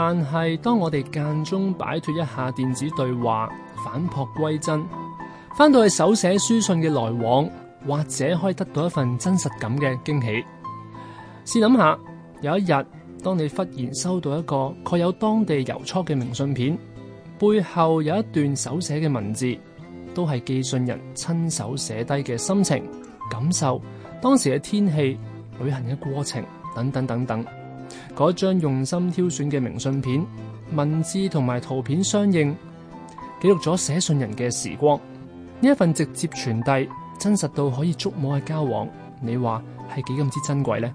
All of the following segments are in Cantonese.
但係，當我哋間中擺脫一下電子對話，反璞歸真，翻到去手寫書信嘅來往，或者可以得到一份真實感嘅驚喜。試諗下，有一日，當你忽然收到一個蓋有當地郵戳嘅明信片，背後有一段手寫嘅文字，都係寄信人親手寫低嘅心情、感受、當時嘅天氣、旅行嘅過程等等等等。嗰張用心挑選嘅明信片，文字同埋圖片相應，記錄咗寫信人嘅時光。呢一份直接傳遞、真實到可以觸摸嘅交往，你話係幾咁之珍貴呢？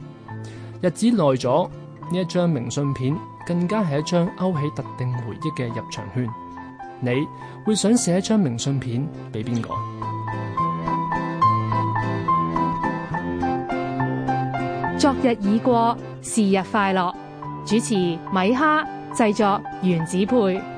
日子耐咗，呢一張明信片更加係一張勾起特定回憶嘅入場券。你會想寫一張明信片俾邊個？昨日已過。是日快樂，主持米哈，製作原子配。